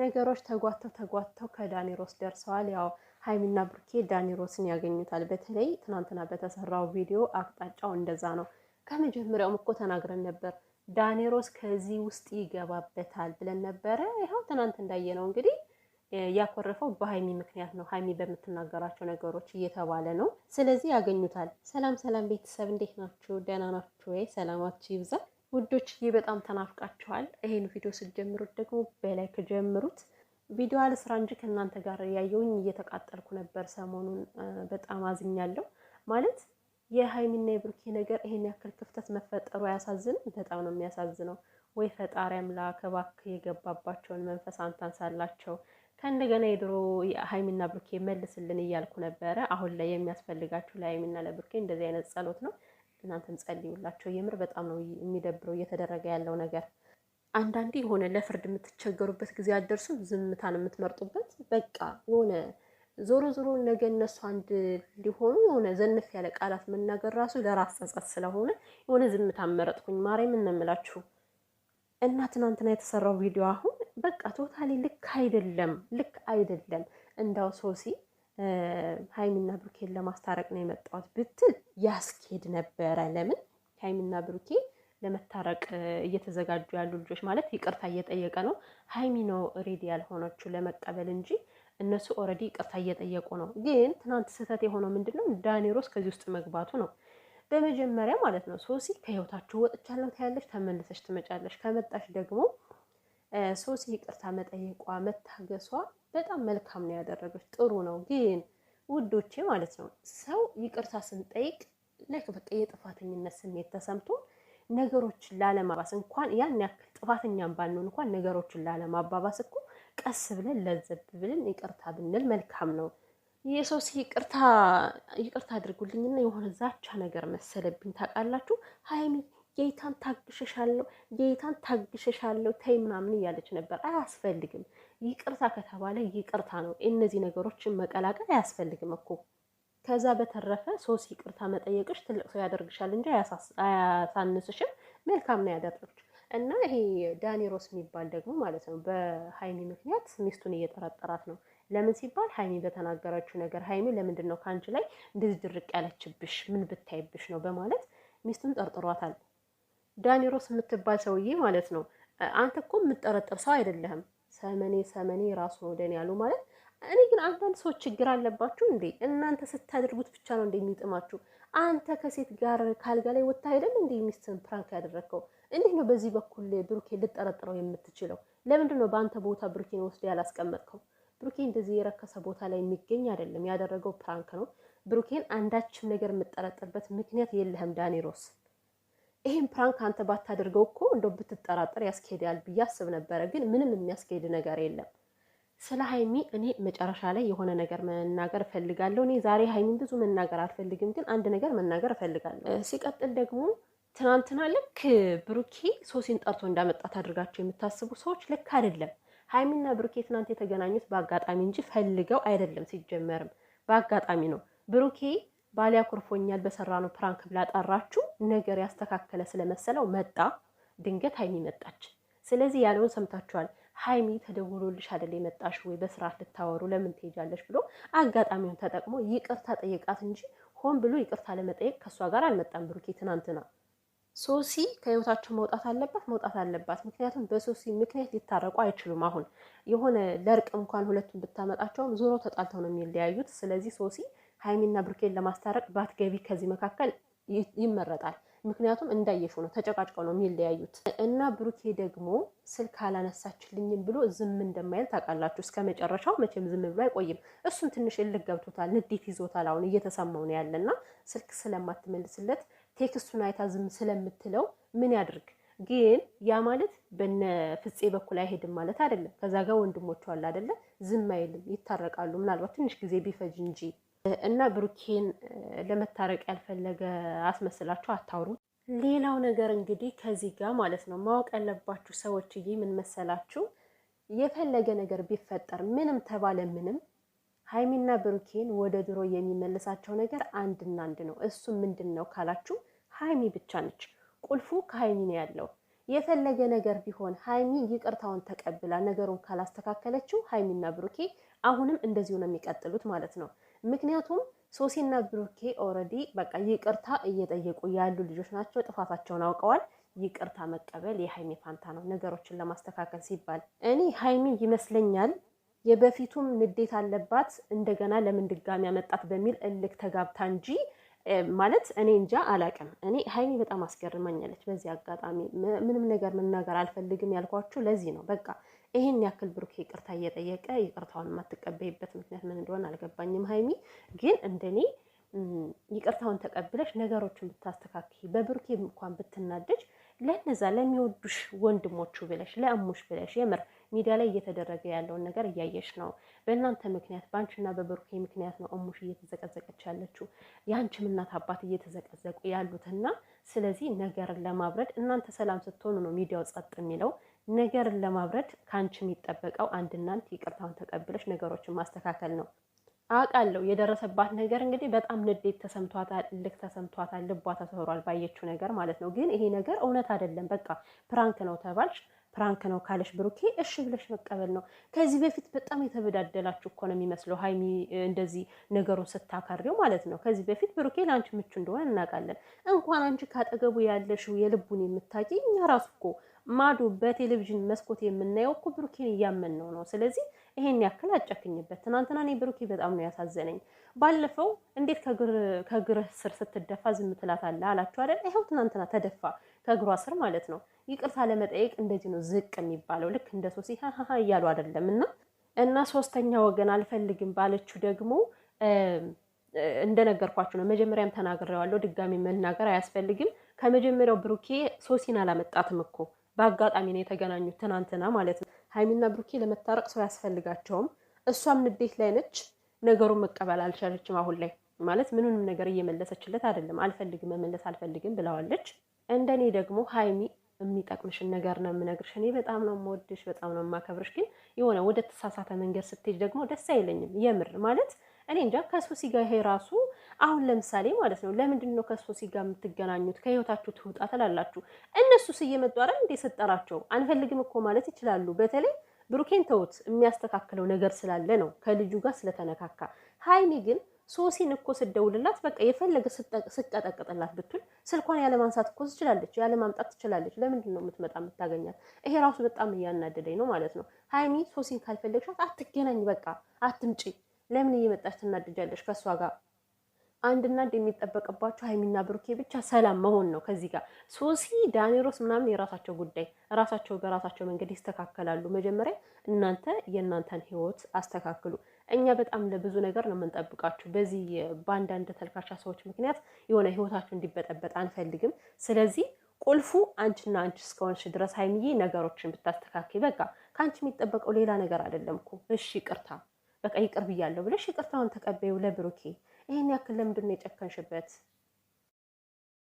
ነገሮች ተጓተው ተጓተው ከዳኒሮስ ደርሰዋል። ያው ሀይሚና ብሩኬ ዳኒሮስን ያገኙታል። በተለይ ትናንትና በተሰራው ቪዲዮ አቅጣጫው እንደዛ ነው። ከመጀመሪያውም እኮ ተናግረን ነበር ዳኒሮስ ከዚህ ውስጥ ይገባበታል ብለን ነበረ። ይኸው ትናንት እንዳየነው እንግዲህ ያኮረፈው በሀይሚ ምክንያት ነው። ሀይሚ በምትናገራቸው ነገሮች እየተባለ ነው። ስለዚህ ያገኙታል። ሰላም ሰላም ቤተሰብ እንዴት ናችሁ? ደህና ናችሁ ወይ? ሰላማችሁ ይብዛል። ውዶች ይህ በጣም ተናፍቃችኋል። ይሄን ቪዲዮ ስትጀምሩት ደግሞ በላይክ ጀምሩት። ቪዲዮ አልስራ እንጂ ከእናንተ ጋር ያየውኝ እየተቃጠልኩ ነበር። ሰሞኑን በጣም አዝኛለሁ። ማለት የሀይሚና የብሩኬ ነገር ይሄን ያክል ክፍተት መፈጠሩ አያሳዝንም? በጣም ነው የሚያሳዝነው። ወይ ፈጣሪ አምላክ እባክህ የገባባቸውን መንፈስ አንተ ሳላቸው ከእንደገና የድሮ ሀይሚና ብሩኬ መልስልን እያልኩ ነበረ። አሁን ላይ የሚያስፈልጋችሁ ለሀይሚና ለብሩኬ እንደዚህ አይነት ጸሎት ነው። እናንተም ጸልዩላቸው። የምር በጣም ነው የሚደብረው እየተደረገ ያለው ነገር። አንዳንዴ የሆነ ለፍርድ የምትቸገሩበት ጊዜ አደርሱ ዝምታን የምትመርጡበት በቃ የሆነ ዞሮ ዞሮ ነገ እነሱ አንድ ሊሆኑ የሆነ ዘንፍ ያለ ቃላት መናገር ራሱ ለራስ ጸጸት ስለሆነ የሆነ ዝምታን መረጥኩኝ። ማርያም እንምላችሁ እና ትናንትና የተሰራው ቪዲዮ አሁን በቃ ቶታሊ ልክ አይደለም፣ ልክ አይደለም። እንዳው ሶሲ ሀይሚና ብሩኬን ለማስታረቅ ነው የመጣሁት ብትል ያስኬድ ነበረ። ለምን ሀይሚና ብሩኬ ለመታረቅ እየተዘጋጁ ያሉ ልጆች ማለት ይቅርታ እየጠየቀ ነው። ሀይሚ ነው ሬዲ ያልሆነችው ለመቀበል እንጂ እነሱ ኦልሬዲ ይቅርታ እየጠየቁ ነው። ግን ትናንት ስህተት የሆነው ምንድን ነው? ዳኔሮስ ከዚህ ውስጥ መግባቱ ነው። በመጀመሪያ ማለት ነው ሶሲ ከህይወታቸው ወጥቻለሁ ታያለሽ፣ ተመልሰሽ ትመጫለሽ። ከመጣሽ ደግሞ ሶሲ ይቅርታ መጠየቋ መታገሷ በጣም መልካም ነው ያደረገች፣ ጥሩ ነው። ግን ውዶቼ ማለት ነው ሰው ይቅርታ ስንጠይቅ ላይክ በቃ የጥፋተኝነት ስሜት ተሰምቶ ነገሮችን ላለማባስ እንኳን ያን ያክል ጥፋተኛም ባንሆን እንኳን ነገሮችን ላለማባባስ እኮ ቀስ ብለን ለዘብ ብለን ይቅርታ ብንል መልካም ነው። የሶሲ ይቅርታ ይቅርታ አድርጉልኝና የሆነ ዛቻ ነገር መሰለብኝ ታውቃላችሁ ሀይሚ ጌታን ታግሸሻለሁ፣ ጌታን ታግሸሻለሁ፣ ተይ ምናምን እያለች ነበር። አያስፈልግም። ይቅርታ ከተባለ ይቅርታ ነው። እነዚህ ነገሮችን መቀላቀል አያስፈልግም እኮ ከዛ በተረፈ ሶስት ይቅርታ መጠየቅሽ ትልቅ ሰው ያደርግሻል እንጂ አያሳንስሽም። መልካም ነው ያደረግች እና ይሄ ዳኒሮስ የሚባል ደግሞ ማለት ነው በሀይሚ ምክንያት ሚስቱን እየጠረጠራት ነው። ለምን ሲባል ሀይሚ በተናገረችው ነገር ሀይሚ ለምንድን ነው ከአንቺ ላይ እንድዝድርቅ ድርቅ ያለችብሽ? ምን ብታይብሽ ነው በማለት ሚስቱን ጠርጥሯታል። ዳኒሮስ የምትባል ሰውዬ ማለት ነው። አንተ እኮ የምጠረጠር ሰው አይደለህም። ሰመኔ ሰመኔ ራሱ ነው ደን ያሉ ማለት እኔ ግን አንዳንድ ሰዎች ችግር አለባችሁ እንዴ? እናንተ ስታደርጉት ብቻ ነው እንደሚጥማችሁ። አንተ ከሴት ጋር ካልጋ ላይ ወታ አይደል እንዴ ሚስትን ፕራንክ ያደረግከው? እንዴት ነው በዚህ በኩል ብሩኬ ልጠረጥረው የምትችለው? ለምንድን ነው በአንተ ቦታ ብሩኬን ወስደ ያላስቀመጥከው? ብሩኬ እንደዚህ የረከሰ ቦታ ላይ የሚገኝ አይደለም። ያደረገው ፕራንክ ነው። ብሩኬን አንዳችም ነገር የምጠረጥርበት ምክንያት የለህም ዳኒሮስ። ይሄን ፕራንክ አንተ ባታደርገው እኮ እንደ ብትጠራጠር ያስኬዳል ብዬ አስብ ነበረ፣ ግን ምንም የሚያስኬድ ነገር የለም። ስለ ሀይሚ እኔ መጨረሻ ላይ የሆነ ነገር መናገር እፈልጋለሁ። እኔ ዛሬ ሀይሚን ብዙ መናገር አልፈልግም፣ ግን አንድ ነገር መናገር እፈልጋለሁ። ሲቀጥል ደግሞ ትናንትና ልክ ብሩኬ ሶሲን ጠርቶ እንዳመጣት አድርጋቸው የምታስቡ ሰዎች ልክ አይደለም። ሀይሚና ብሩኬ ትናንት የተገናኙት በአጋጣሚ እንጂ ፈልገው አይደለም። ሲጀመርም በአጋጣሚ ነው ብሩኬ ባሌ አኩርፎኛል በሰራ ነው ፕራንክ ብላ ጠራችሁ። ነገር ያስተካከለ ስለመሰለው መጣ። ድንገት ሀይሚ መጣች። ስለዚህ ያለውን ሰምታችኋል። ሀይሚ ተደውሎልሽ አይደል የመጣሽ ወይ በስርዓት ልታወሩ ለምን ትሄጃለሽ ብሎ አጋጣሚውን ተጠቅሞ ይቅርታ ጠየቃት እንጂ ሆን ብሎ ይቅርታ ለመጠየቅ ከእሷ ጋር አልመጣም። ብሩኬ ትናንትና ሶሲ ከህይወታቸው መውጣት አለባት መውጣት አለባት። ምክንያቱም በሶሲ ምክንያት ሊታረቁ አይችሉም። አሁን የሆነ ለእርቅ እንኳን ሁለቱን ብታመጣቸውም ዞሮ ተጣልተው ነው የሚለያዩት። ስለዚህ ሶሲ ሀይሚና ብሩኬን ለማስታረቅ ባትገቢ ከዚህ መካከል ይመረጣል። ምክንያቱም እንዳየሽው ነው ተጨቃጭቀው ነው የሚለያዩት እና ብሩኬ ደግሞ ስልክ አላነሳችልኝም ብሎ ዝም እንደማይል ታውቃላችሁ። እስከ መጨረሻው መቼም ዝም ብሎ አይቆይም። እሱን ትንሽ እልህ ገብቶታል፣ ንዴት ይዞታል። አሁን እየተሰማው ነው ያለና ስልክ ስለማትመልስለት ቴክስቱን አይታ ዝም ስለምትለው ምን ያድርግ? ግን ያ ማለት በነ ፍፄ በኩል አይሄድም ማለት አይደለም። ከዛ ጋር ወንድሞቹ አለ አይደለ? ዝም አይልም፣ ይታረቃሉ። ምናልባት ትንሽ ጊዜ ቢፈጅ እንጂ እና ብሩኬን ለመታረቅ ያልፈለገ አስመስላችሁ አታውሩ። ሌላው ነገር እንግዲህ ከዚህ ጋር ማለት ነው ማወቅ ያለባችሁ ሰዎች እዬ ምን መሰላችሁ፣ የፈለገ ነገር ቢፈጠር ምንም ተባለ ምንም ሀይሚና ብሩኬን ወደ ድሮ የሚመልሳቸው ነገር አንድና አንድ ነው። እሱ ምንድን ነው ካላችሁ ሀይሚ ብቻ ነች። ቁልፉ ከሀይሚ ነው ያለው። የፈለገ ነገር ቢሆን ሀይሚ ይቅርታውን ተቀብላ ነገሩን ካላስተካከለችው ሀይሚና ብሩኬ አሁንም እንደዚሁ ነው የሚቀጥሉት ማለት ነው። ምክንያቱም ሶሲና ብሩኬ ኦልሬዲ በቃ ይቅርታ እየጠየቁ ያሉ ልጆች ናቸው። ጥፋታቸውን አውቀዋል። ይቅርታ መቀበል የሀይሚ ፋንታ ነው፣ ነገሮችን ለማስተካከል ሲባል። እኔ ሀይሚ ይመስለኛል የበፊቱም ንዴት አለባት፣ እንደገና ለምን ድጋሚ ያመጣት በሚል እልክ ተጋብታ እንጂ ማለት እኔ እንጃ አላቅም። እኔ ሀይሚ በጣም አስገርመኛለች። በዚህ አጋጣሚ ምንም ነገር መናገር አልፈልግም ያልኳችሁ ለዚህ ነው በቃ ይህን ያክል ብሩኬ ይቅርታ እየጠየቀ ይቅርታውን የማትቀበይበት ምክንያት ምን እንደሆነ አልገባኝም። ሀይሚ ግን እንደኔ ይቅርታውን ተቀብለሽ ነገሮችን ብታስተካክይ በብሩኬ እንኳን ብትናደጅ ለነዛ ለሚወዱሽ ወንድሞቹ ብለሽ ለእሙሽ ብለሽ የምር ሚዲያ ላይ እየተደረገ ያለውን ነገር እያየሽ ነው። በእናንተ ምክንያት በአንቺና በብሩኬ ምክንያት ነው እሙሽ እየተዘቀዘቀች ያለችው፣ የአንቺም እናት አባት እየተዘቀዘቁ ያሉትና ስለዚህ ነገር ለማብረድ እናንተ ሰላም ስትሆኑ ነው ሚዲያው ጸጥ የሚለው። ነገርን ለማብረድ ከአንቺ የሚጠበቀው አንድ እናንት ይቅርታውን ተቀብለሽ ነገሮችን ማስተካከል ነው። አውቃለሁ የደረሰባት ነገር እንግዲህ በጣም ንዴት ተሰምቷታል፣ እልክ ተሰምቷታል፣ ልቧ ተሰብሯል ባየችው ነገር ማለት ነው። ግን ይሄ ነገር እውነት አይደለም፣ በቃ ፕራንክ ነው ተባልሽ ፕራንክ ነው ካለሽ ብሩኬ እሺ ብለሽ መቀበል ነው። ከዚህ በፊት በጣም የተበዳደላችሁ እኮ ነው የሚመስለው ሀይሚ እንደዚህ ነገሩን ስታካሪው ማለት ነው። ከዚህ በፊት ብሩኬ ለአንቺ ምቹ እንደሆነ እናውቃለን። እንኳን አንቺ ካጠገቡ ያለሽው የልቡን የምታቂ እኛ ራሱ እኮ ማዶ በቴሌቪዥን መስኮት የምናየው እኮ ብሩኬን እያመን ነው ነው። ስለዚህ ይሄን ያክል አጨክኝበት። ትናንትና እኔ ብሩኬ በጣም ነው ያሳዘነኝ። ባለፈው እንዴት ከእግርህ ስር ስትደፋ ዝም ትላታለህ አላችሁ አይደል? ይኸው ትናንትና ተደፋ ከእግሯ ስር ማለት ነው። ይቅርታ ለመጠየቅ እንደዚህ ነው ዝቅ የሚባለው። ልክ እንደ ሶሲ ሀሀ እያሉ አይደለም እና እና ሶስተኛ ወገን አልፈልግም ባለችው ደግሞ እንደነገርኳችሁ ነው። መጀመሪያም ተናግሬዋለሁ፣ ድጋሚ መናገር አያስፈልግም። ከመጀመሪያው ብሩኬ ሶሲን አላመጣትም እኮ በአጋጣሚ ነው የተገናኙት ትናንትና ማለት ነው። ሀይሚና ብሩኬ ለመታረቅ ሰው አያስፈልጋቸውም። እሷም ንዴት ላይ ነች። ነገሩን መቀበል አልቻለችም። አሁን ላይ ማለት ምንም ነገር እየመለሰችለት አይደለም። አልፈልግም መመለስ አልፈልግም ብለዋለች። እንደኔ ደግሞ ሀይሚ የሚጠቅምሽን ነገር ነው የምነግርሽ። እኔ በጣም ነው የምወድሽ፣ በጣም ነው የማከብርሽ። ግን የሆነ ወደ ተሳሳተ መንገድ ስትሄጅ ደግሞ ደስ አይለኝም የምር ማለት እኔ እንጃ ከሶሲ ጋር ይሄ ራሱ አሁን ለምሳሌ ማለት ነው ለምንድን ነው ከሶሲ ጋር የምትገናኙት? ከህይወታችሁ ትውጣ ትላላችሁ። እነሱስ እየመጡ ኧረ እንዴ ሰጠራቸው አንፈልግም እኮ ማለት ይችላሉ። በተለይ ብሩኬን ተውት፣ የሚያስተካክለው ነገር ስላለ ነው ከልጁ ጋር ስለተነካካ። ሀይሚ ግን ሶሲን እኮ ስደውልላት በቃ የፈለገ ስቀጠቅጥላት ብትል ስልኳን ያለማንሳት እኮ ትችላለች፣ ያለማምጣት ትችላለች። ለምንድን ነው የምትመጣ የምታገኛት? ይሄ ራሱ በጣም እያናደደኝ ነው ማለት ነው። ሀይሚ ሶሲን ካልፈለግሻት አትገናኝ፣ በቃ አትምጪ ለምን እየመጣች ትናደጃለሽ ከእሷ ጋር? አንድና አንድ የሚጠበቅባቸው ሀይሚና ብሩኬ ብቻ ሰላም መሆን ነው። ከዚህ ጋር ሶሲ ዳኒሮስ ምናምን የራሳቸው ጉዳይ ራሳቸው በራሳቸው መንገድ ይስተካከላሉ። መጀመሪያ እናንተ የእናንተን ህይወት አስተካክሉ። እኛ በጣም ለብዙ ነገር ነው የምንጠብቃችሁ። በዚህ በአንዳንድ ተልካሻ ሰዎች ምክንያት የሆነ ህይወታችሁ እንዲበጠበጥ አንፈልግም። ስለዚህ ቁልፉ አንቺና አንቺ እስከሆንሽ ድረስ ሀይሚዬ ነገሮችን ብታስተካክል በቃ ከአንቺ የሚጠበቀው ሌላ ነገር አይደለም እኮ እሺ፣ ቅርታ በቃ ይቅር ብያለሁ ብለሽ ይቅርታውን ተቀበዩ ለብሩኬ። ይህን ያክል ለምንድን ነው የጨከንሽበት?